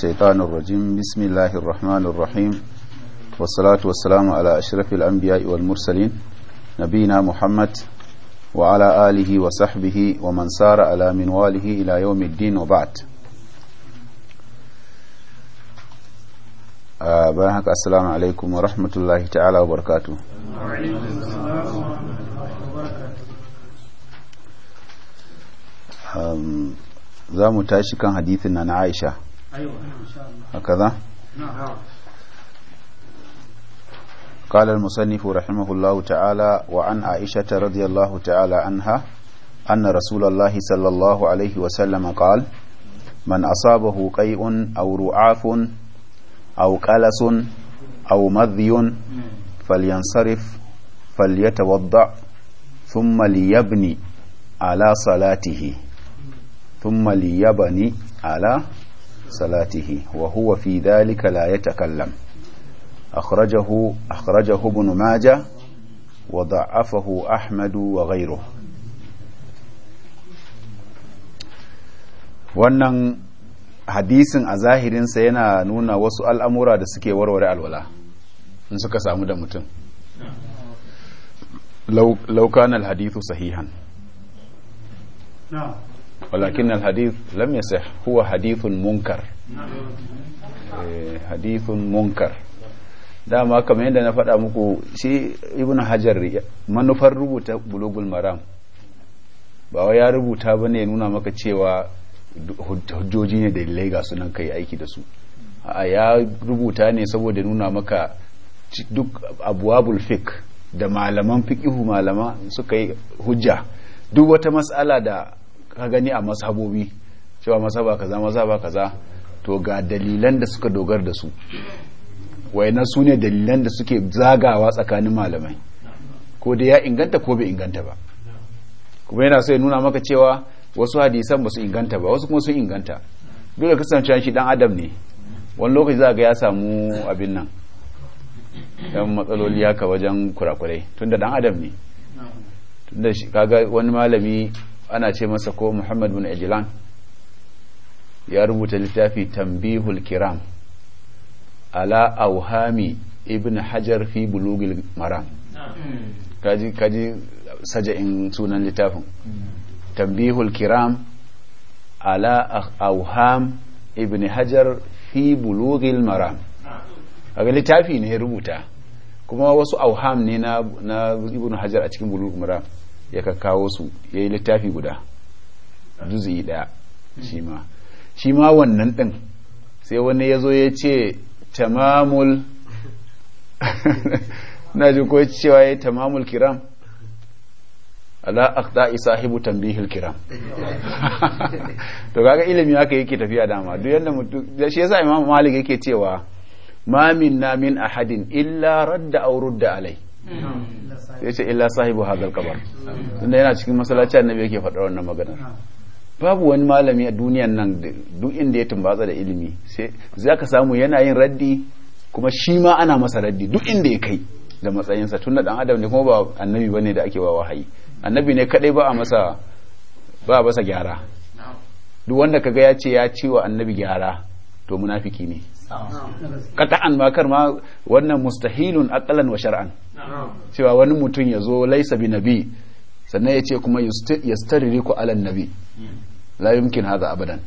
الشيطان الرجيم بسم الله الرحمن الرحيم والصلاة والسلام على أشرف الأنبياء والمرسلين نبينا محمد وعلى آله وصحبه ومن سار على منواله إلى يوم الدين وبعد bayan haka assalamu alaikum wa rahmatullahi ta'ala wa barkatu za mu tashi kan hadithin na na aisha هكذا قال المصنف رحمه الله تعالى وعن عائشة رضي الله تعالى عنها أن رسول الله صلى الله عليه وسلم قال من أصابه قيء أو رعاف أو قلس أو مذي فلينصرف فليتوضع ثم ليبني على صلاته ثم ليبني على صلاته وهو في ذلك لا يتكلم أخرجه, أخرجه ابن ماجه وضعفه أحمد وغيره wannan hadisin a zahirinsa yana nuna wasu al'amura da suke warware alwala in suka samu da mutum laukan hadisu sahihan ولكن الحديث لم يصح هو حديث منكر حديث منكر dama kamar yadda na faɗa muku shi ibn hajar manufar rubuta bulugul maram ba ya rubuta ba ne nuna maka cewa hujjoji ne dalilai ga sunan kai aiki da su a ya rubuta ne saboda nuna maka duk abuwabul fik da malaman fikihu malama suka yi hujja duk wata matsala da ka gani a masabobi cewa ba kaza mazhaba kaza to ga dalilan da suka dogar da su waina su ne dalilan da suke zagawa tsakanin malamai ko da ya inganta ko bai inganta ba kuma yana so ya nuna maka cewa wasu hadisan basu inganta ba wasu kuma sun inganta dole kasance shi dan adam ne wani lokaci za ga ya samu abin nan yan matsaloli haka wajen kurakurai tunda dan adam ne tunda kaga wani malami ana ce masa ko muhammad bin ajilan ya rubuta littafi tambihul kiram ala auhami ibn hajar fi bulugil maram kaji kaji saja'in sunan littafin tambihul kiram ala auham ibn hajar fi bulugil maram kaga littafi ne ya rubuta kuma wasu auham ne na ibn hajar a cikin bulugil maram ya kawo su ya yi littafi guda juz'i ɗaya shi ma shi ma wannan ɗin sai wani ya zo ya ce tamamul na ji ko cewa ya tamamul kiram ala aqda'i sahibu tambihil kiram to kaga ilimi haka yake tafiya dama duk yanda mutum shi yasa imamu malik yake cewa mamin minna min ahadin illa radda aw rudda alai ya ce illa sahibu hazal kabar tunda yana cikin masallaci annabi yake faɗar wannan maganar babu wani malami a duniyan nan duk inda ya tumbatsa da ilimi sai za ka samu yana yin raddi kuma shi ma ana masa raddi duk inda ya kai da matsayinsa tun da dan adam ne kuma ba annabi bane da ake wa wahayi annabi ne kadai ba a masa ba a masa gyara duk wanda kaga ya ce ya ci wa annabi gyara to munafiki ne kata'an ma ma wannan mustahilun aqlan wa shar'an cewa wani mutum ya zo laisa bi nabi sannan ya ce kuma yastaririku ala nabi la yumkin abadan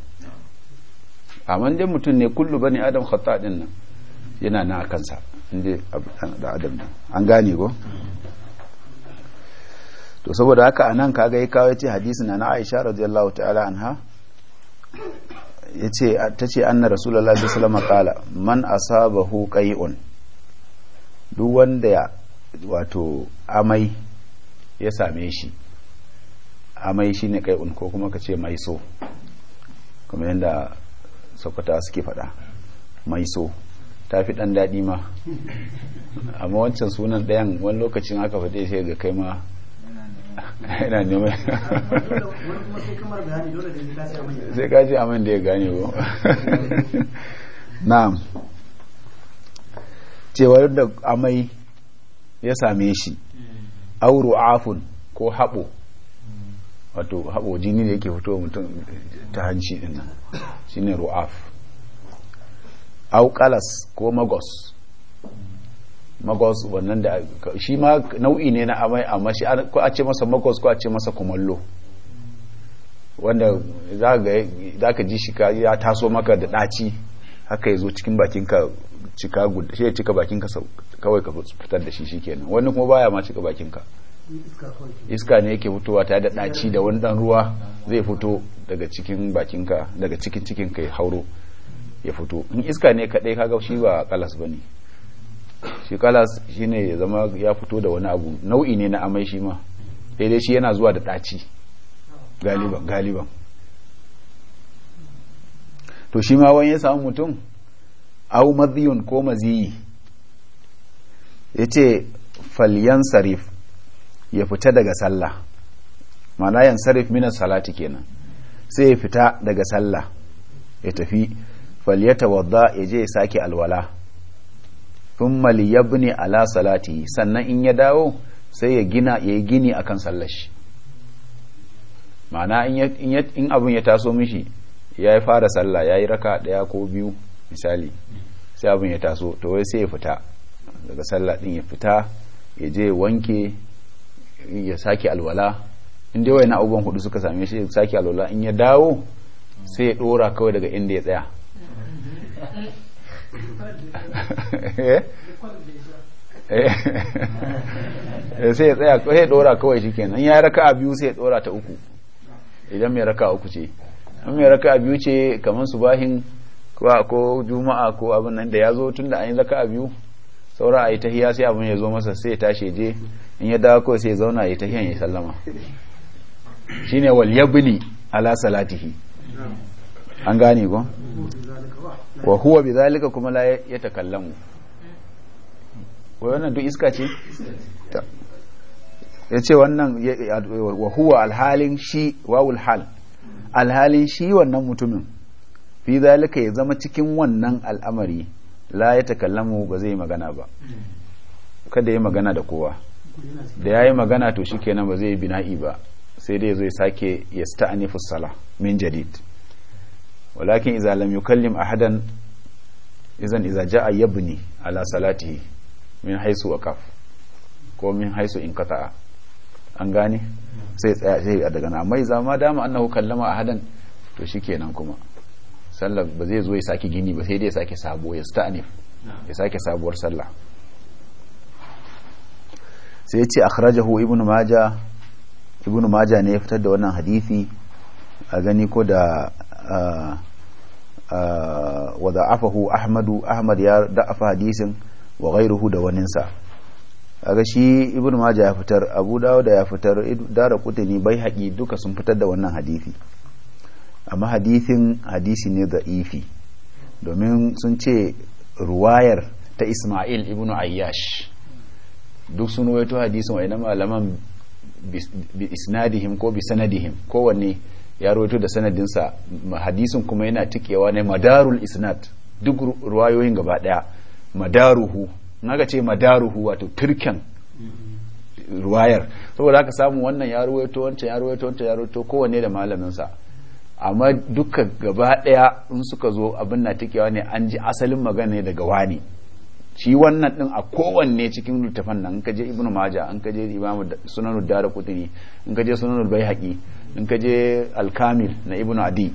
amma dai mutum ne kullu bani adam khata din nan yana na kansa Inde da adam din an gane go? to saboda haka anan kaga ya kawo ce hadisin na Aisha radiyallahu ta'ala anha yace tace anna rasulullahi sallallahu alaihi wasallam qala man asabahu qai'un duk wanda ya wato amai ya same shi amai shine qai'un ko kuma kace mai so kuma yanda sokota suke faɗa mai so ta fi ɗan daɗi ma amma wancan sunan ɗayan wani lokacin aka faɗe sai ga kai ma ina neman sai ka ce amin da ya gane ko na'am cewar da amai ya same shi auro afun ko haɓo wato haɓo jini da yake fito mutum ta hanci ɗin nan shine ru'af au ko magos magos wannan da shi ma nau'i ne na amai amma shi ko a ce masa magos ko a ce masa kumallo wanda za ka ji shi ya taso maka da daci haka ya zo cikin bakinka cika guda shi ya cika bakinka kawai ka fitar da shi shikenan wani kuma baya ma cika bakinka iska ne yake fitowa ta da daci da wani dan ruwa zai fito daga cikin bakinka daga cikin cikin ka ya hauro ya fito in iska ne kadai kaga shi ba kalas bane shi shi ne ya zama ya fito da wani abu nau'i ne na amai shi ma daidai shi yana zuwa da ɗaci galiban to shi ma wani ya samu mutum au maziyun ko maziyi ya ce falyan sarif ya fita daga sallah mana yan sarif mina salati kenan sai ya fita daga sallah ya tafi falyata wadda ya je ya sake alwala thumma yabni ala salati sannan in ya dawo sai ya gina ya gini akan sallar shi ma'ana in abin ya taso mishi ya yi fara sallah ya yi raka daya ko biyu misali sai abin ya taso to wai sai ya fita daga sallah din ya fita ya je wanke ya sake alwala in dai na abubuwan hudu suka same shi ya sake alwala in ya dawo sai ya ɗora kawai daga inda ya tsaya Eh? Eh. Eh, sai ya tsaya sai ya dora kawai kenan ya raka a biyu sai ya dora ta uku idan mai raka uku ce in mai raka a biyu ce kamar su kuwa ko juma'a ko abin nan da ya zo tun da an yi raka biyu saura a yi tahiya sai abin ya zo masa sai ya tashi je in ya dawo kawai sai ya zauna ya tahiyan ya sallama shine wal yabni ala salatihi an gane ko wa huwa bi zalika kuma la ya takallamu wai wannan duk iska ce ya ce wannan wa huwa alhalin shi wawul hal alhalin shi wannan mutumin fi zalika ya zama cikin wannan al'amari la ya takallamu ba zai magana ba kada ya magana da kowa da ya yi magana to shi kenan ba zai bina'i ba sai dai zai sake ya sta'anifu sala min jadid walakin idza lam yukallim ahadan izan idza jaa yabni ala salatihi min haisu waqaf ko min haisu in inqata'a an gane sai tsaya a daga nan amma idza ma dama annahu kallama hadan to shi kenan kuma sallar ba zai zo ya sake gini ba sai dai ya sake sabo ya sta'nif ya sake sabuwar sallah sai ya ce a ibnu maja ibn maja ne ya fitar da wannan hadisi a gani ko da wa da'afahu ahmadu ahmad ya da'afa hadisin wa ghairuhu da sa kaga shi ibnu majah ya fitar abu da ya fitar dara kutani bai haƙi duka sun fitar da wannan hadisi amma hadisin hadisi ne da ifi domin sun ce ruwayar ta isma'il ibnu ayyash duk sun wato hadisin wa'ina malaman bi isnadihim ko bi sanadihim kowanne ya rawaito da sanadinsa hadisin kuma yana tikewa ne madarul isnad duk ruwayoyin gaba daya madaruhu naga ce madaruhu wato turken ruwayar saboda aka samu wannan ya rawaito wancan ya rawaito wancan ya rawaito kowanne da malaminsa amma duka gaba daya in suka zo abin na tikewa ne an ji asalin magana ne daga wani shi wannan din a kowanne cikin littafan nan in ka je ibnu maja in ka je imamu sunanud darqutni in ka je sunanud baihaqi in ka je alkamil na ibn adi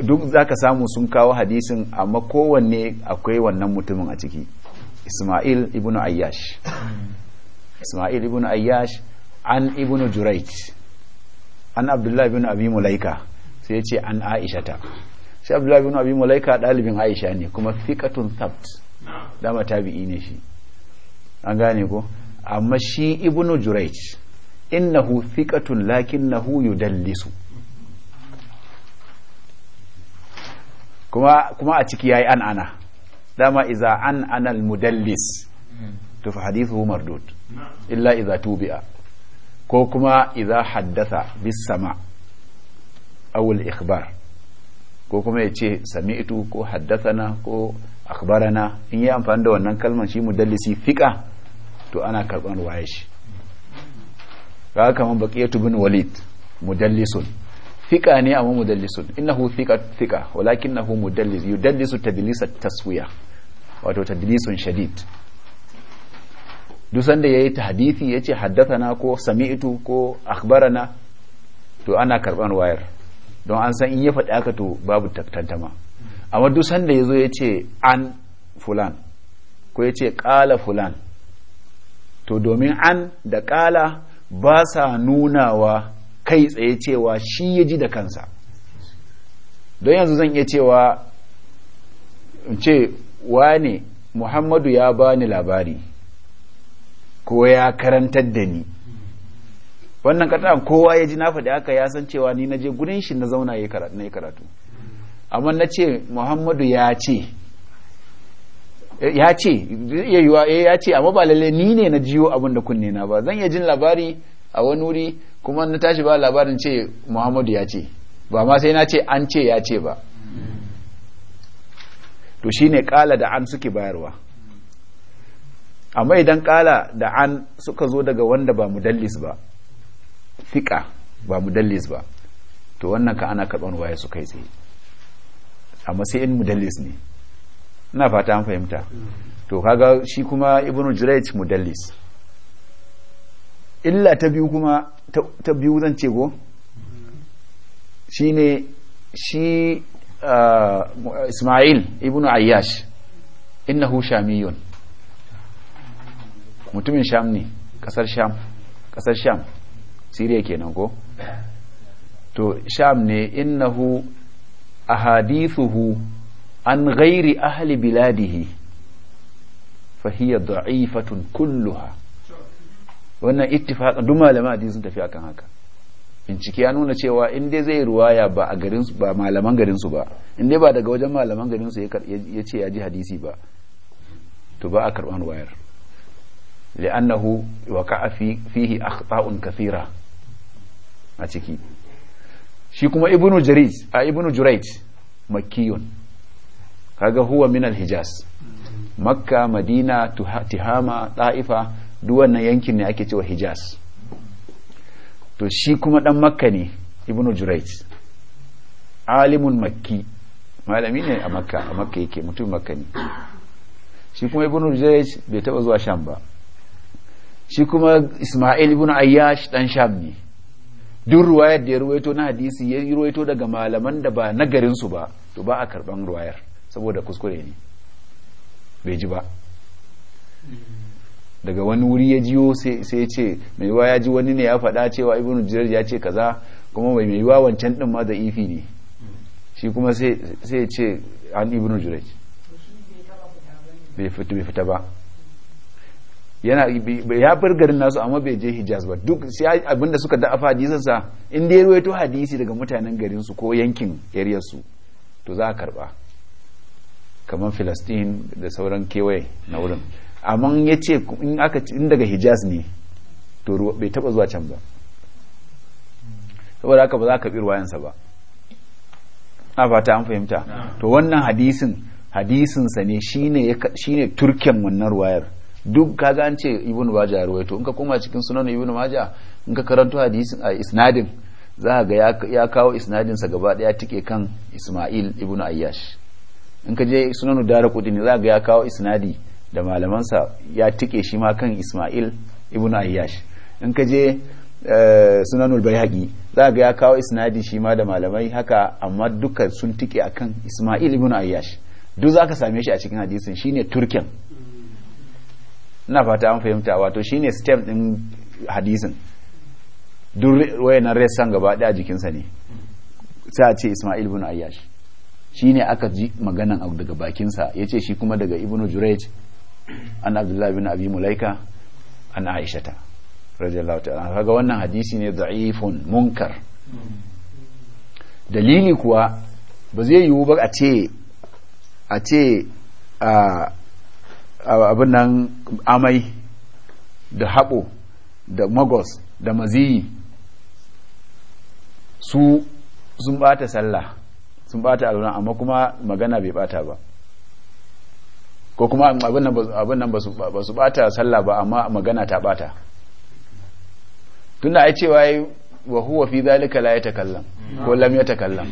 duk za ka samu sun kawo hadisin amma kowanne akwai wannan mutumin a ciki ismail ibn ayyash ismail ibn ayyash an ibn jurait an abdullahi ibn abi mulaika sai ce an aishata sai abdullahi ibn abi mulaika dalibin aisha ne kuma fiqatun thabt dama tabi'i ne shi an gane ko amma shi ibn jurait. innahu thiqatun lakinnahu yudallisu kuma kuma a ciki yayi an ana dama iza an ana mudallis to fa hadithu mardud illa iza tubi'a ko kuma iza haddatha bis sama aw al ikhbar ko kuma yace sami'tu ko haddathana ko akhbarana in yi amfani da wannan kalmar shi mudallisi fiqa to ana karban waye shi ga kamar baqiyatu bin walid mudallisun fiƙa ne amma mudallisun innahu fika fika walakinahu mudallis yudallisu tadlisa taswiya wato tadlisun shadid duk sanda yayi tahdithi yace haddathana ko sami'tu ko akhbarana to ana karɓar wayar don an san in ya faɗi aka to babu tantama amma duk sanda yazo yace an fulan ko yace ƙala fulan to domin an da ƙala. ba sa nunawa kai tsaye cewa shi ya ji da kansa don yanzu zan iya cewa ce wane muhammadu ya bani labari ko ya karantar da ni wannan katan kowa ya ji na faɗi haka ya san cewa ni na je gudun shi na zauna na yi karatu amma na ce muhammadu ya ce ya ce ya yiwa eh, ya ce amma ba lalle ni ne na jiyo abin da kunne na ba zan iya jin labari a wani wuri kuma na tashi ba labarin ce Muhammadu ya ce ba ma sai na ce an ce ya ce ba to shi ne kala da an suke bayarwa amma idan kala da an suka zo daga wanda ba mudallis ba fika ba mudallis ba to wannan ka ana karban waya su kai tsaye amma sai in mudallis ne ina fata an fahimta to kaga shi kuma ibnu jurayt mudallis illa ta biyu kuma ta biyu zan ce go shine shi ah, isma'il ibnu ayyash innahu shamiyun mutumin sham ne kasar sham kasar sham siriya kenan go to sham ne innahu ahadithuhu an ghairi ahli biladihi fahiyar da'ifatun kulluha wannan ittifaka duk malaman hadisi sun tafi akan haka bincike ya nuna cewa in dai zai ruwaya ba a garin ba malaman garin su ba in dai ba daga wajen malaman garin su ya ce ya ji hadisi ba to ba a karban ruwayar li'annahu waqa'a fihi akhta'un kathira a ciki shi kuma ibnu jariz a ibnu jurait makiyun kaga huwa min al-hijaz makka madina tihama ta'ifa duk wannan yankin ne ake cewa hijaz to shi kuma dan makka ne ibnu jurayj alimun makki malami ne a makka a makka yake mutum makka ne shi kuma ibnu jurayj bai taba zuwa sham ba shi kuma isma'il ibnu ayyash dan sham ne duk ruwayar da ya ruwaito na hadisi ya ruwaito daga malaman da ba na su ba to ba a karban ruwayar saboda kuskure ne bai ji ba daga wani wuri ya jiyo sai ya ce mai yiwa ya ji wani ne ya faɗa cewa ibn jirar ya ce kaza kuma mai mai yiwa wancan ɗin ma da ifi ne shi kuma sai ya ce an ibn jirar bai fita ba yana ya bar garin nasu amma bai je hijaz ba duk sai abinda suka da afa hadisin sa ya ruwaito hadisi daga mutanen garinsu ko yankin yaryarsu to za a karba kamar filistin da sauran kewaye na wurin amma ya ce in daga hijaz ne to bai taba zuwa can ba saboda haka ba za ka biyar wayansa ba a fata an fahimta to wannan hadisin hadisinsa ne shine ne turken wannan ruwayar duk kaga an ce ibn maja ya ruwaito in ka koma cikin sunan ibn maja in ka karanto hadisin a isnadin za ga ya kawo isnadinsa gaba daya tike kan isma'il ibn ayyash in ka je sunanu dara kudini za ga ya kawo isnadi da malamansa ya tike shi ma kan ismail ibn ayyash in ka je eh, sunanul bayhaqi za ga ya kawo isnadi shi ma da malamai haka amma dukkan sun tike akan ismail ibn ayyash duk za ka same shi a cikin hadisin shine turken ina fata an fahimta wato shine stem din hadisin duk wayannan ressan gaba daya jikinsa ne sai a ce ismail ibn ayyash shi ne aka ji maganan abu daga bakinsa ya ce shi kuma daga ibnu jurej an abdullahi bin abi mulaika an aishata radiyallahu ta'ala kaga wannan hadisi ne da'ifun munkar dalili kuwa ba zai yiwu ba a ce a ce abin nan amai da haɓo da magos da maziyi su sun ɓata sallah sun bata alwala amma kuma magana bai bata ba ko kuma abin nan ba su bata sallah ba amma magana ta bata tunda ai cewa yi wa huwa fi zalika la yatakallam ko lam yatakallam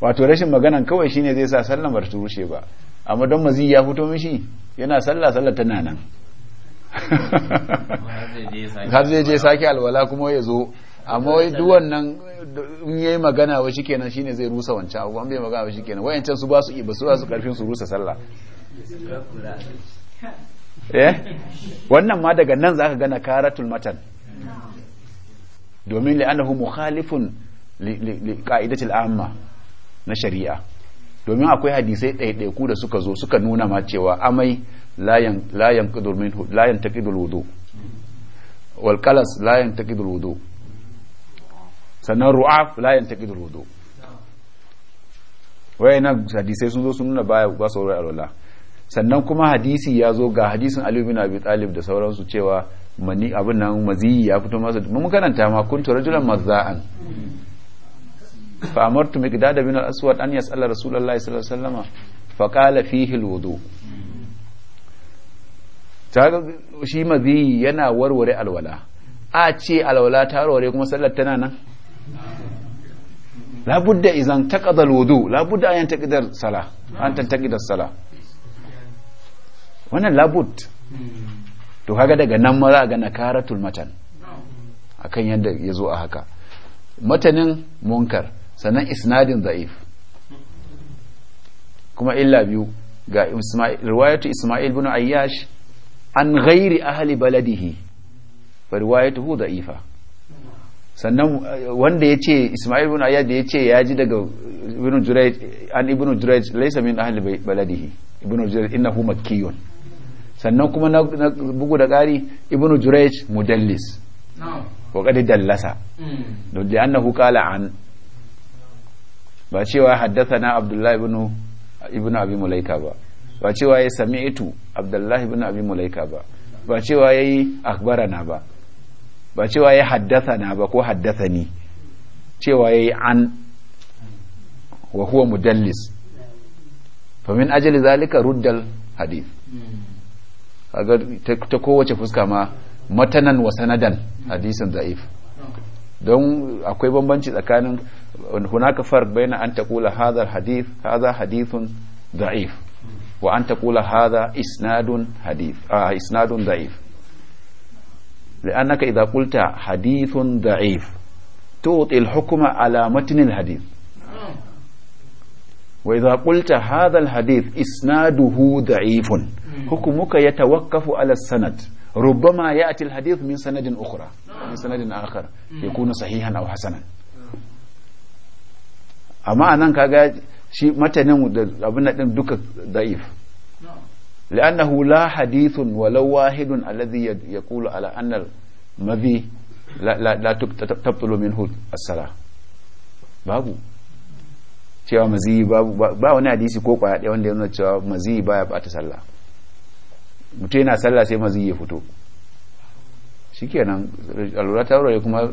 wato rashin maganan kawai shine zai sa sallan ba ta rushe ba amma don mazi ya fito mishi yana sallah sallah tana nan har zai je sake alwala kuma ya zo amma wai duk wannan in yayi magana wa shikenan shine zai rusa wancan abu an bai magana wa shikenan wayancan su ba su iba su ba su karfin su rusa sallah eh wannan ma daga nan zaka gana karatul matan domin li'annahu mukhalifun li qa'idatil amma na shari'a domin akwai hadisai ɗaiɗaiku da suka zo suka nuna ma cewa amai layan taƙidul wudu walƙalas layan taƙidul wudu sannan ru'af la yantaqidu wudu na hadisai sun zo sun nuna baya ba su alwala sannan kuma hadisi ya zo ga hadisin Ali bin Abi Talib da sauransu cewa mani abin nan maziyi ya fito masa mun karanta ma tura rajulan maza'an fa amartu miqdad bin al-aswad an yas'ala rasulullahi sallallahu alaihi wasallama fa qala fihi al-wudu shi maziyi yana warware alwala a ce alwala ta warware kuma sallar tana nan Labuda izan idan taqada alwudu la budda an taqidar sala an taqidar sala wannan la to kaga daga nan ma za ga nakaratul matan akan yadda ya zo a haka matanin munkar sannan isnadin za'if. kuma illa biyu ga riwayatu isma'il bin ayyash an ghairi ahli baladihi fa riwayatuhu da'ifa sannan eh, wanda ya ce ismail ibn ayyad ya ce ya ji daga ibn jurayj an ibn jurayj laysa min ahli baladihi ibn jurayj innahu makkiyun sannan kuma na bugu da ƙari ibn jurayj mudallis wa qad dallasa hmm. don da annahu qala an ba cewa haddathana abdullahi ibn ibn abi mulaika ba ba cewa ya sami'tu abdullahi ibn abi mulaika ba ba cewa yayi akhbarana ba ba cewa ya haddasa na ba ko haddasa ni cewa ya yi an wa huwa mudallis famin ajali zalika ruddal hadith ta kowace fuska ma matanan wa sanadan hadisin za'if don akwai bambanci tsakanin hunaka farq baina an taqula hadha hadith hadha hadithun za'if wa an taqula hadha isnadun za'if. لأنك إذا قلت حديث ضعيف تعطي الحكم على متن الحديث وإذا قلت هذا الحديث إسناده ضعيف حكمك يتوقف على السند ربما يأتي الحديث من سند أخرى من سند آخر يكون صحيحا أو حسنا أما أنا كاجا شيء متن أبنا duka ضعيف لأنه لا حديث ولو واحد الذي يقول على أن المذي لا, لا, لا تبطل منه الصلاة babu cewa maziyi babu ba wani hadisi ko kwaya ɗaya wanda ya nuna cewa maziyi baya bata sallah mutum yana sallah sai maziyi ya fito shikenan alura ta wurare kuma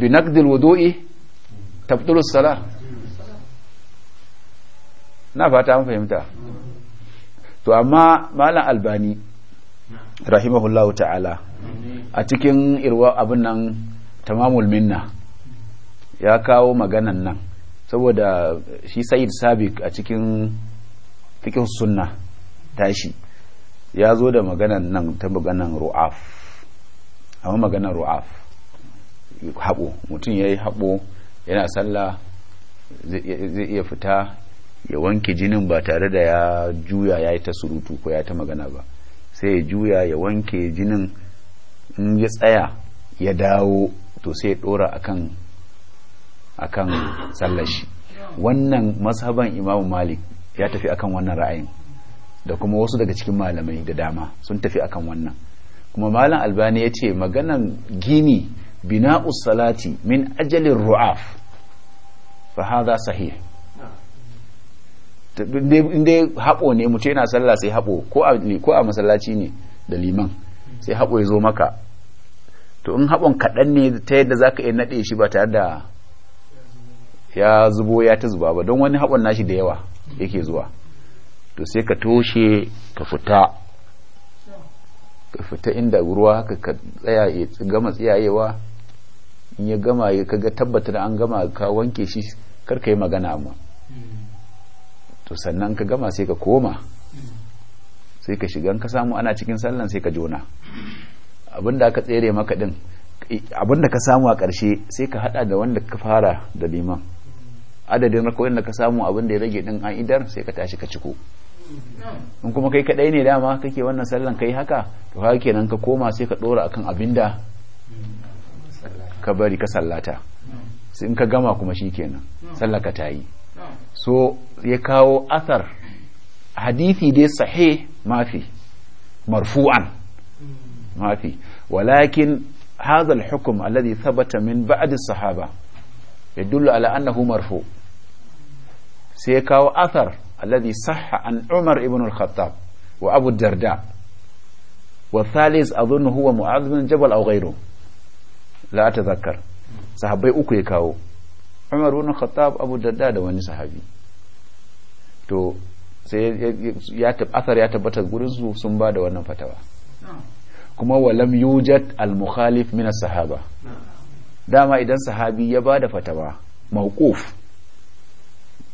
bi naqdil wudu'i tabtulu salah na fata an fahimta to amma malam albani rahimahullahu ta'ala a cikin irwa abin nan tamamul minna ya kawo maganan nan saboda shi sayid sabik a cikin fikin sunna tashi ya zo da maganan nan ta maganan ru'af amma maganan ru'af haɓo mutum ya yi haɓo yana sallah zai iya fita ya wanke jinin ba tare da ya juya ya yi ta surutu ko ya ta magana ba sai ya juya ya wanke jinin in ya tsaya ya dawo to sai ya dora akan akan sallashi wannan masaban imamu malik ya tafi akan wannan ra'ayin da kuma wasu daga cikin malamai da dama sun tafi akan wannan kuma malam albani ya ce maganan gini bina'us salati min ajalin ru'af fa hadha sahih in dai haɓo ne mutu yana sallah sai haɓo ko a masallaci ne da liman sai haɓo ya zo maka to in haɓon kaɗan ne ta yadda za ka iya naɗe shi ba tare da ya zubo ya ta zuba ba don wani haɓon nashi da yawa yake zuwa to sai ka toshe ka fita ka fita inda ruwa haka ka tsaya ya gama tsayayewa in ya gama ya kaga tabbatar an gama ka wanke shi kar ka yi magana amma to sannan ka gama sai ka koma sai ka shiga ka samu ana cikin sallan sai ka jona abinda aka tsere maka din abinda ka samu a ƙarshe sai ka hada da wanda ka fara da liman adadin rakoyin da ka samu abinda ya rage din an idar sai ka tashi ka ciko in kuma kai kadai ne dama kake wannan sallan kai haka to haka kenan ka koma sai ka dora akan abinda ka bari ka sallata sai in ka gama kuma shikenan sallaka ta yi so ya kawo athar hadithi dai sahih mafi marfu'an mafi walakin هذا الحكم الذي ثبت من بعد الصحابة يدل على أنه مرفوع سيكاو أثر الذي صح عن عمر بن الخطاب وأبو الدرداء والثالث أظن هو معاذ بن جبل أو غيره لا أتذكر صحابي أكو يكاو umar ibn khattab abu darda da wani sahabi to sai ya asar ya tabbata gurin su sun ba da wannan fatawa kuma walam yujad al mukhalif min sahaba dama idan sahabi ya ba da fatawa mawquf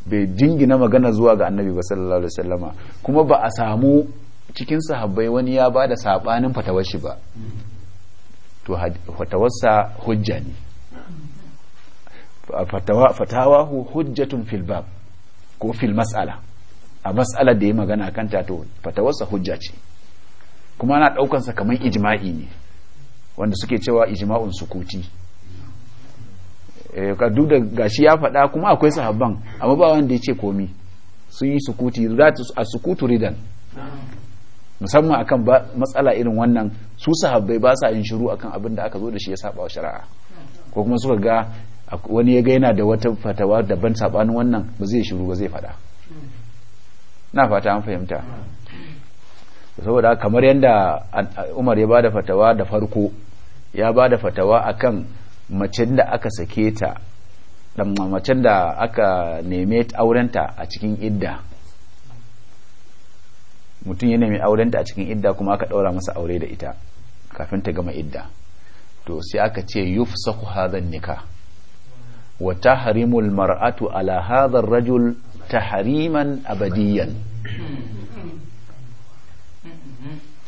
bai jingina magana zuwa ga annabi ba sallallahu alaihi wasallama kuma ba a samu cikin sahabbai wani ya ba da sabanin fatawar shi ba to fatawarsa hujja ne fatawa hujjatun fil bab ko fil matsala a mas'alar da ya magana kan ta to fatawarsa hujja ce kuma ana ɗaukansa kamar ijima'i ne wanda suke cewa ijma'un sukuti eh, ka duk da gashi ya faɗa kuma akwai sahabban amma ba wanda ya ce komi sun yi sukuti a sukutu ridan musamman akan matsala irin wannan su sahabbai ba sa yin shiru akan abin da aka zo da shi ya saba wa shari'a ko kuma suka ga wani ya ga yana da wata fatawa daban sabanin wannan ba zai shiru ba zai fada na fata an fahimta saboda kamar yadda umar ya bada fatawa da farko ya bada fatawa akan macen da aka sake ta da macen da aka neme aurenta a cikin idda mutum ya neme aurenta a cikin idda kuma aka ɗaura masa aure da ita kafin ta gama idda to sai aka ce yufsahu zan nikah wa tahrimul mar'atu ala hadha rajul tahriman abadiyan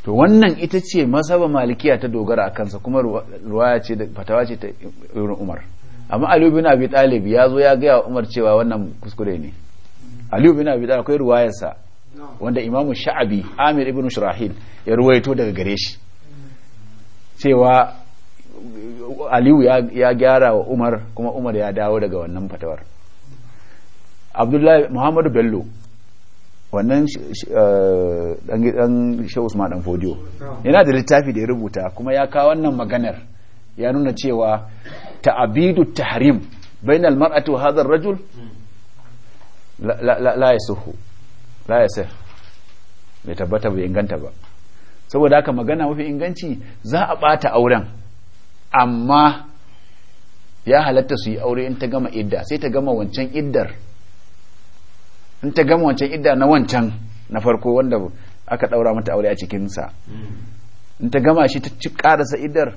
to wannan ita ce masaba malikiya ta dogara a kansa kuma ruwaya ce da fatawa ce ta irin Umar amma Ali bin Abi Talib ya zo ya ga Umar cewa wannan kuskure ne Ali bin Abi Talib akwai ruwayarsa wanda imamu Sha'abi Amir ibn Shurahil ya ruwaito daga gare shi cewa aliyu ya gyara wa umar kuma umar ya dawo daga wannan fatawar abdullahi muhammadu bello wannan eh, dan shehu usman dan fodiyo yana da littafi da ya rubuta kuma ya kawo wannan maganar ya nuna cewa ta'abidu tahrim bainal almar'ati wa hadha rajul la yasuhu la yasih bai tabbata bai inganta ba saboda haka magana mafi inganci za a bata auren amma ya halatta su yi aure in ta gama idda sai ta gama wancan iddar in ta gama wancan idda na wancan na farko wanda aka daura mata aure a cikinsa in ta gama shi ta ci karasa iddar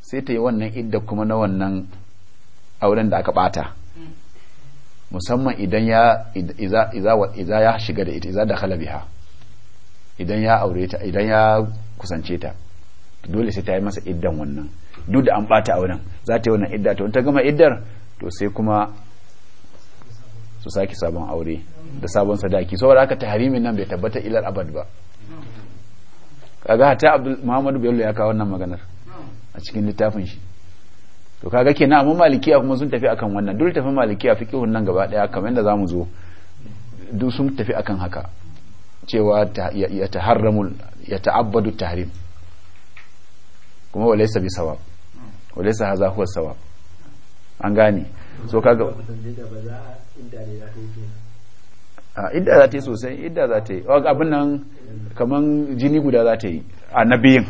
sai ta yi wannan idda kuma na wannan auren da aka bata musamman idan ya iza ya shiga da ita iza da biha idan ya aure ta idan ya kusance ta dole sai ta yi masa iddan wannan duk da an bata auren za ta yi wannan idda to ta gama iddar to sai kuma su sake sabon aure da sabon sadaki saboda haka tahrimin nan bai tabbata ilar abad ba kaga hatta abdul muhammadu bello ya kawo wannan maganar a cikin littafin shi to kaga kenan amma malikiya kuma sun tafi akan wannan dole tafi malikiya fiqhun nan gaba daya kamar yadda zamu zo duk sun tafi akan haka cewa ya taharramul ya ta'abbadu tahrim kuma walaysa bi sawab walaysa haza huwa sawab an gane so kaga a ah, idda za ta yi sosai idda za ta yi abin nan kamar jini guda za ta yi a nabiyin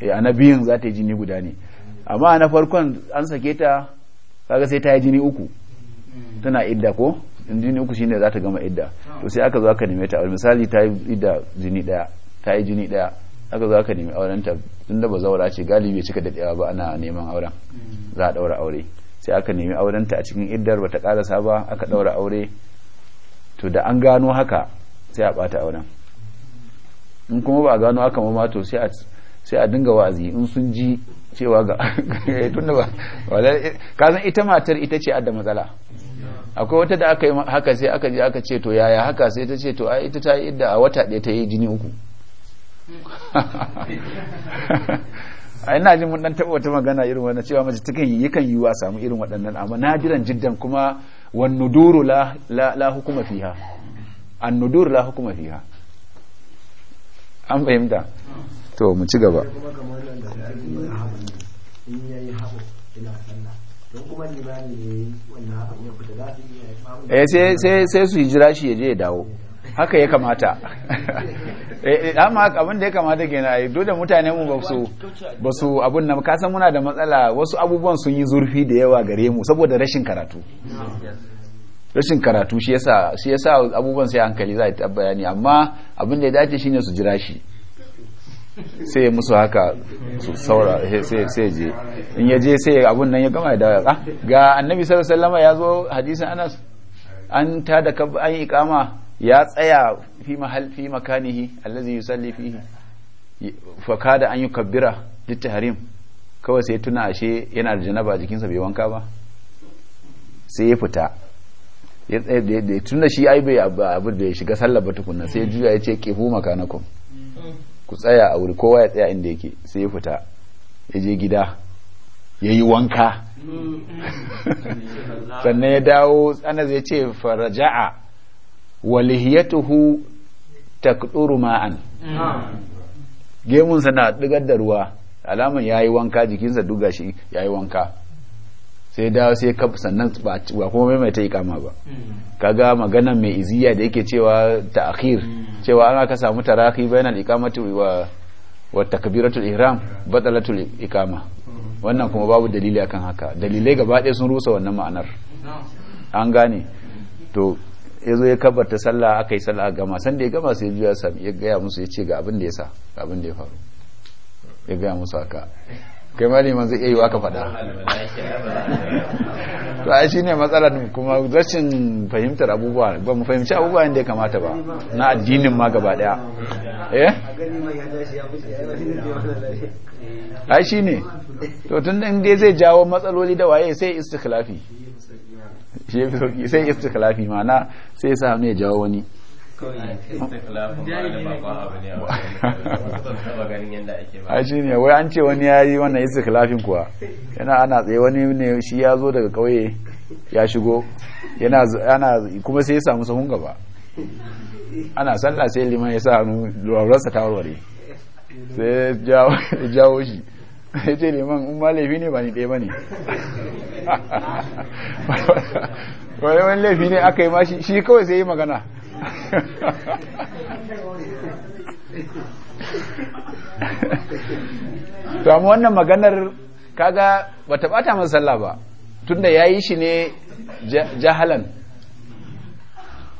eh, a nabiyin za ta yi jini guda ne amma na farkon an sake ta kaga sai ta yi jini uku tana idda ko jini uku shine za ta gama idda to sai aka zo aka neme ta misali ta yi idda jini daya ta yi jini daya haka za ka nemi aurenta da ba zaura ce galibi cika dadewa ba ana neman auren mm. za a daura aure sai aka nemi aurenta a cikin iddar bata karasa ba aka daura aure to da an gano haka sai a bata auren in kuma ba a gano haka ma to sai a sai a dinga wa'azi in sun ji cewa ga eh, tunda ba ka san ita matar ita ce adda matsala akwai wata da aka yi haka sai aka je aka ce to yaya haka sai ta ce to ai ita ta yi idda a wata ɗaya ta yi jini uku a ina jin mun dan taɓa wata magana irin wannan cewa mace takan yi yakan yi wa samu irin waɗannan amma nadiran jiddan kuma wan nuduru la la hukuma fiha an nuduru la hukuma fiha an fahimta to mu ci gaba eh, sai sai sai su hijira shi ya je ya dawo haka ya kamata eh, eh, amma abin da ya kamata ke na dole mutane mu ba su abin na kasan muna da matsala wasu abubuwan sun yi zurfi da yawa gare mu saboda rashin karatu rashin karatu shi yasa shi yasa abubuwan sai hankali za ta bayani amma abin da ya dace shine su jira shi sai musu haka saura sai je in ya je sai abun nan ya gama da ah, ga annabi sallallahu alaihi wasallam ya zo hadisin Anas an ta da an yi ikama ya tsaya fi mahal fi makanihi allazi yusalli fihi fa da an yukabbira litahrim kawai sai tuna ashe yana da janaba jikinsa bai wanka ba sai ya fita ya tunda shi ai bai abu da ya shiga sallah ba tukunna sai juya ya ce kifu makanakum ku tsaya a wuri kowa ya tsaya inda yake sai ya fita ya je gida ya yi wanka sannan ya dawo anas ya ce faraja'a walihiyatuhu takduru ma'an gemunsa na digar da ruwa alaman yayi wanka jikinsa duk gashi yayi wanka sai dawo sai ka sannan ba kuma ta ikama ba kaga maganan mai iziya da yake cewa ta'khir cewa an aka samu tarahi bainal iqamati wa wa takbiratul ihram batalatul ikama wannan kuma babu dalili akan haka dalilai gaba ɗaya sun rusa wannan ma'anar an gane to ya zo ya kabarta sallah aka yi sallah gama san da ya gama sai juya sami ya gaya musu ya ce ga abin da ya sa ga abin da ya faru ya gaya musu haka kai ma neman zai iya yi aka faɗa to ai ne matsalar kuma rashin fahimtar abubuwa ba mu fahimci abubuwa inda ya kamata ba na addinin ma gaba daya eh ai ne to tun da zai jawo matsaloli da waye sai istiklafi shi ya fi sauki sai istiklafi mana sai ya sa ya jawo wani a shi ne wai an ce wani ya yi wannan istiklafin kuwa yana ana tsaye wani ne shi ya zo daga kauye ya shigo yana kuma sai ya samu sahun gaba ana sallah sai liman ya sa hannu lurarsa ta warware sai jawo shi ya ce liman in laifi ne ba ni ɗaya ba ne wani laifi ne aka yi ma shi kawai sai yi magana tamu wannan maganar kaga ba ta bata masa sallah ba tunda ya yi shi ne jahalan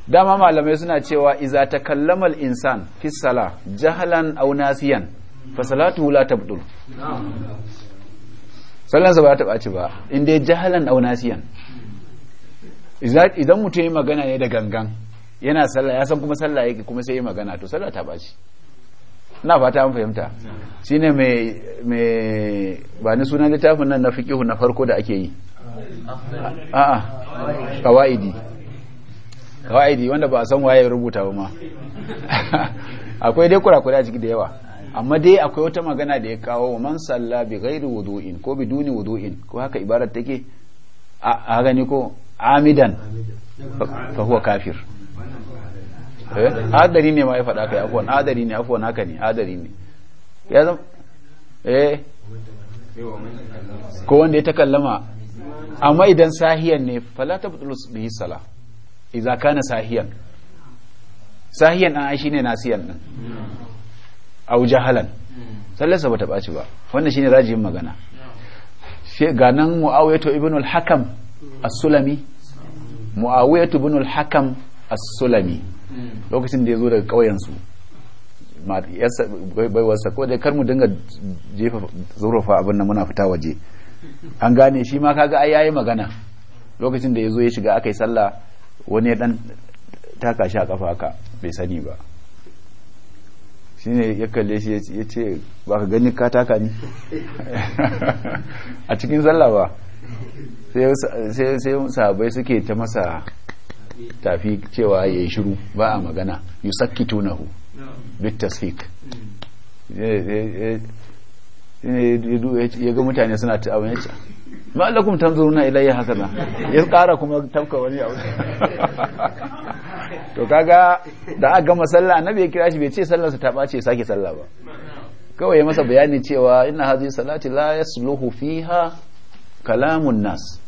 dama malamai suna cewa iza ta kallamal insan fi sala jahalan au fa salatu la tabdul sallansa ba ta ɓaci ba in dai jahalan au nasiyan idan mutum ya magana ne da gangan yana sallah ya san kuma sallah yake kuma sai ya magana to sallah ta ɓaci na fata an fahimta shine mai mai ba ni sunan littafin nan na fiqihu na farko da ake yi a'a kawaidi kawaidi wanda ba a san waye rubuta ba ma akwai dai kurakura a ciki da yawa amma dai akwai wata magana da ya kawo wa man salla bi ghairi wudu'in ko bi duni wudu'in ko haka ibarar take a gani ko amidan fa huwa kafir eh, adari ne ma ya faɗa kai afwan adari ne afwan haka ne adari ne ya zama eh ko wanda ya takallama amma idan sahiyan ne fala tabtulu bi sala idza kana sahiyan sahiyan an shine ne nasiyan din au jahalan sallarsa bata ɓaci ba wannan shine rajin magana ga nan mu'awiyatu ibn al-hakam as-sulami mu'awiyatu ibn al-hakam as-sulami lokacin da ya zo daga ƙauyensu su baiwarsa ko dai kar mu dinga jefa zurfa abin nan muna fita waje an gane shi ma kaga ai yayi magana lokacin da ya zo ya shiga aka yi sallah wani ya dan taka shi a kafa haka bai sani ba shi ne ya kalle shi ya ce ba ka gani ka ni a cikin zalla ba sai sabai suke ta masa tafi cewa ya yi shiru ba a magana yusakki tunahu shi ne ya ga mutane suna ta abin yace ma tanzuruna ilayya hasana ya kara kuma tafka wani abu to kaga da aka gama sallah annabi ya kira shi bai ce sallarsa ta bace ya sake sallah ba kawai ya masa bayani cewa inna hazi salati la yasluhu fiha kalamun nas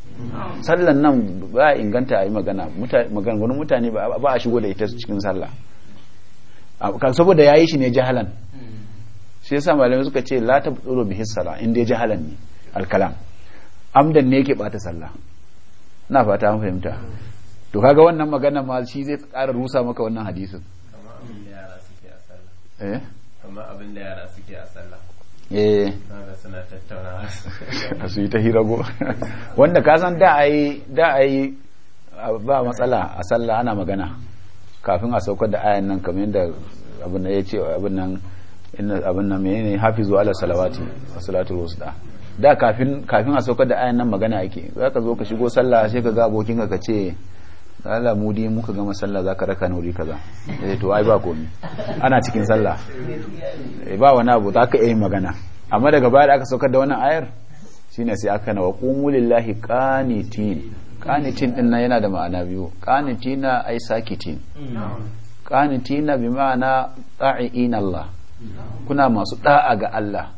sallan nan ba inganta a yi magana maganganun mutane ba a shigo da ita cikin sallah saboda yayi yi shi ne jahalan shi yasa malamai suka ce la tabturu bihi sala in dai jahalan ne alkalam amdan ne yake bata sallah na fata an fahimta to kaga wannan magana ma shi zai ƙara rusa maka wannan hadisin amma abin da yara suke a sallah eh, eh. suna tattaunawa su yi ta hira go wanda ka san da ai da ai ba matsala a sallah ana magana kafin a saukar da ayan nan kamar yadda abin da yace abin nan inna abin nan menene hafizu ala salawati wa salatul wusta da kafin kafin a saukar da ayan nan magana ake zaka zo ka shigo sallah sai ka ga abokin ka ce Allah mu dai muka gama sallah zaka raka ni wuri kaza eh to ai ba komi ana cikin sallah eh ba wani abu zaka yi magana amma daga baya da aka saukar da wannan ayar shine sai aka na wa qumu lillahi qanitin qanitin din nan yana da ma'ana biyu qanitina ai sakitin qanitina bi ma'ana ta'in Allah kuna masu da'a ga Allah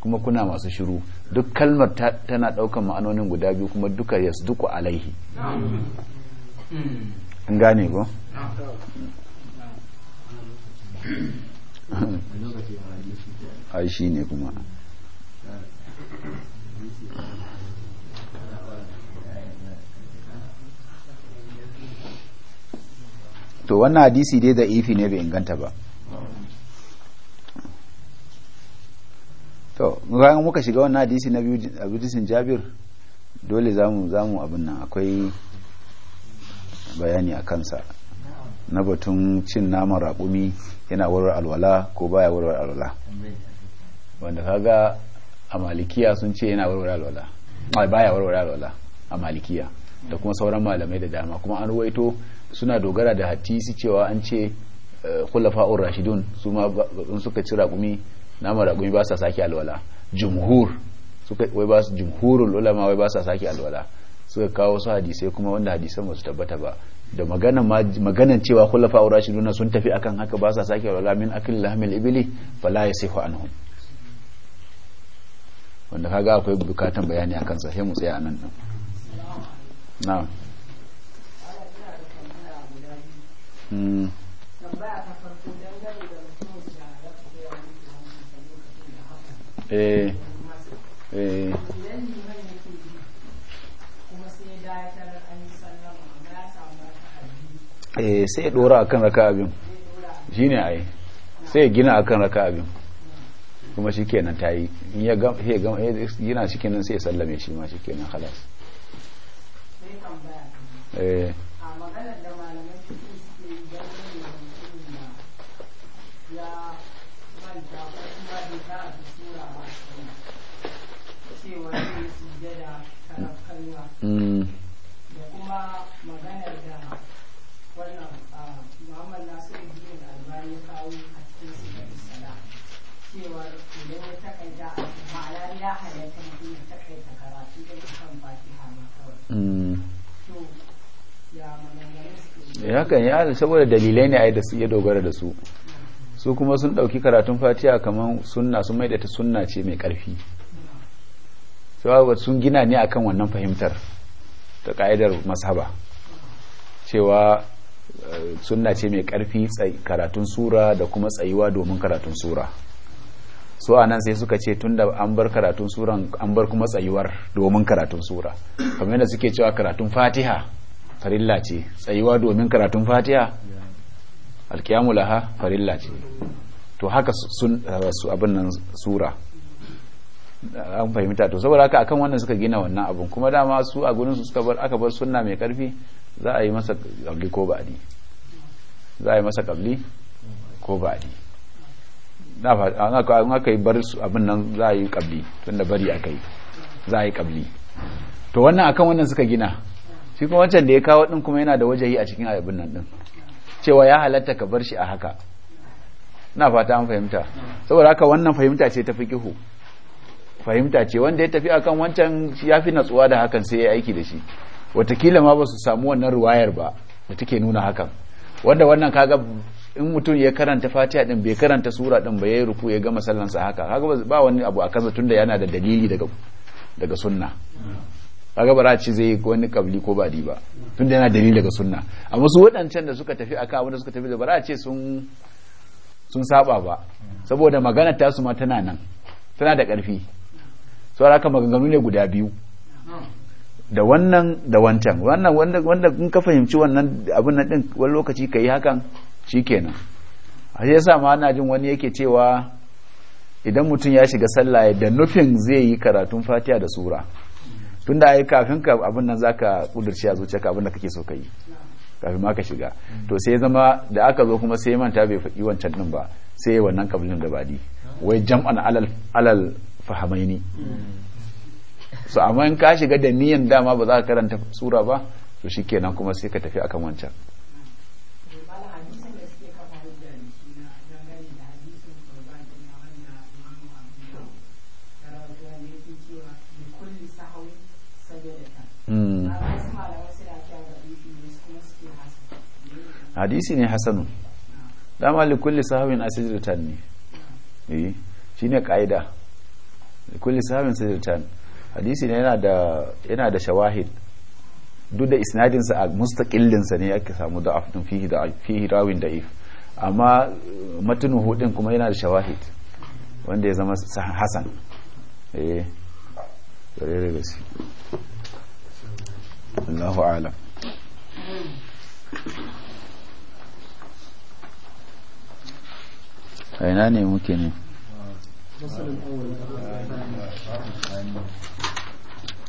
kuma kuna masu shiru duk kalmar tana ɗaukar ma'anonin guda biyu kuma duka yasduku alaihi an gane ko ai shi ne kuma to wannan hadisi dai da ifi ne bai inganta ba to bayan muka shiga wannan hadisi na biyu hadisin jabir dole zamu zamu abin nan akwai bayani a kansa na batun cin naman raƙumi yana warware alwala ko baya warware alwala wanda kaga a malikiya sun ce yana warware alwala baya warware alwala a malikiya da kuma sauran malamai da dama kuma an ruwaito suna dogara da hatisi cewa an ce eh, khulafa'ur rashidun su ma in suka ci raƙumi nama raƙumi ba sa sake alwala jumhur suka wai ba su jumhurul ulama wai ba sa sake alwala suka kawo wasu hadisai kuma wanda hadisan ba su tabbata ba da magana maganan cewa khulafa nuna sun tafi akan haka ba sa sake wala min akil lahamil ibili fala yasihu hun wanda kaga akwai bukatan bayani akan sa sai mu tsaya nan din na hmm. eh eh eh sai ya dora akan raka abin shine ai sai ya gina akan raka abin kuma shikenan kenan ta yi ya gama yana gina shikenan sai ya sallame shi ma shi kenan halas eh Mm. hakan ya saboda dalilai ne ai da su iya dogara da su su kuma sun ɗauki karatun fatiha kamar sunna sun maida ta sunna ce mai karfi saboda sun gina ne akan wannan fahimtar ta ka'idar mashaba cewa eh, sunna ce mai karfi karatun sura da kuma tsayuwa domin karatun sura so anan sai suka ce tun da an bar karatun suran an bar kuma tsayuwar domin karatun sura kamar yadda suke cewa karatun fatiha farilla ce tsayuwa domin karatun fatiya alkiyamu laha farilla ce to haka sun uh, su abin nan sura uh, an fahimta to saboda haka akan wannan suka gina wannan abun kuma dama su a gurin su suka bar aka bar sunna mai karfi za a yi masa kabli ko ba'di za a yi masa kabli ko ba'di na fa an aka yi bar abin nan za a yi kabli tunda bari akai za a yi kabli to wannan akan wannan suka gina shi kuma wancan da ya kawo din kuma yana da wajahi a cikin abin nan din cewa ya halatta ka bar shi a haka na fata an fahimta saboda haka wannan fahimta ce ta fiqihu fahimta ce wanda ya tafi akan wancan ya fi natsuwa da hakan sai ya aiki da shi watakila ma ba su samu wannan ruwayar ba da take nuna hakan wanda wannan kaga in mutum ya karanta fatiha din bai karanta sura din ba yayi ruku ya gama sallansa haka kaga ba wani abu a kansa tunda yana da dalili daga sunna kaga ba za a ci zai wani kabli ko ba ba tun da yana dalili daga sunna amma su waɗancan da suka tafi aka wanda suka tafi da ba a ce sun sun saba ba saboda magana tasu ma tana nan tana da ƙarfi saboda haka maganganu ne guda biyu da wannan da wancan wannan wanda wanda in ka fahimci wannan abin nan din wani lokaci kai hakan shikenan a ya yasa ma ana jin wani yake cewa idan mutum ya shiga sallah da nufin zai yi karatun fatiha da sura tunda ai kafin ka abin nan zaka kudurci a zuciyarka abin da kake so ka yi kafin ma ka shiga mm. to sai zama da aka zo kuma sai manta bai faɗi wancan din ba sai wannan kabilin da badi wai jam'an alal alal fahamaini mm. so amma in ka shiga da niyan dama ba za ka karanta sura ba to shikenan kuma sai ka tafi akan wancan Hmm. hadisi ne hasanu dama likulli sahabin asijirtan ne eh, shi ne ka'ida likulli sahabin asijirtan hadisi ne yana da shawahid duk da isnadinsa a mustaƙillinsa ne yake samu da afdun fihi rawin da if amma uh, matunin hudin kuma yana da shawahid wanda ya zama hasan eh da gaske Allahu alam a ina ne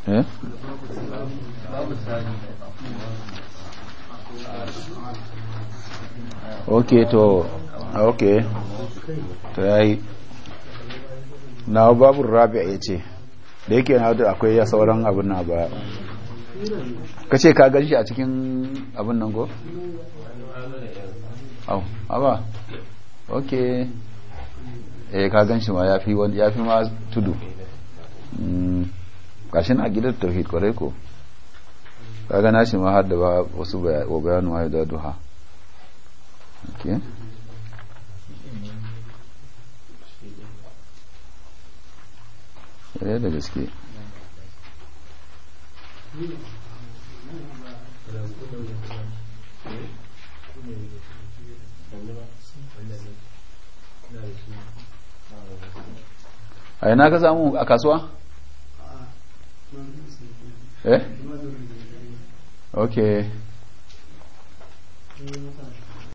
eh? okay to okay. to yayi na babu rabi'a yace da yake na da akwai ya sauran abin na ba ka ce ka gan shi a cikin abin nan go? au haba ok eh ka gan shi ma ya fi ma tudu kashin hmm. a gidan tauhid kwarai ko ka gana shi ma har da wasu bayanu ma da duha ok eh, da gaske a yana ka samu a kasuwa? eh? ok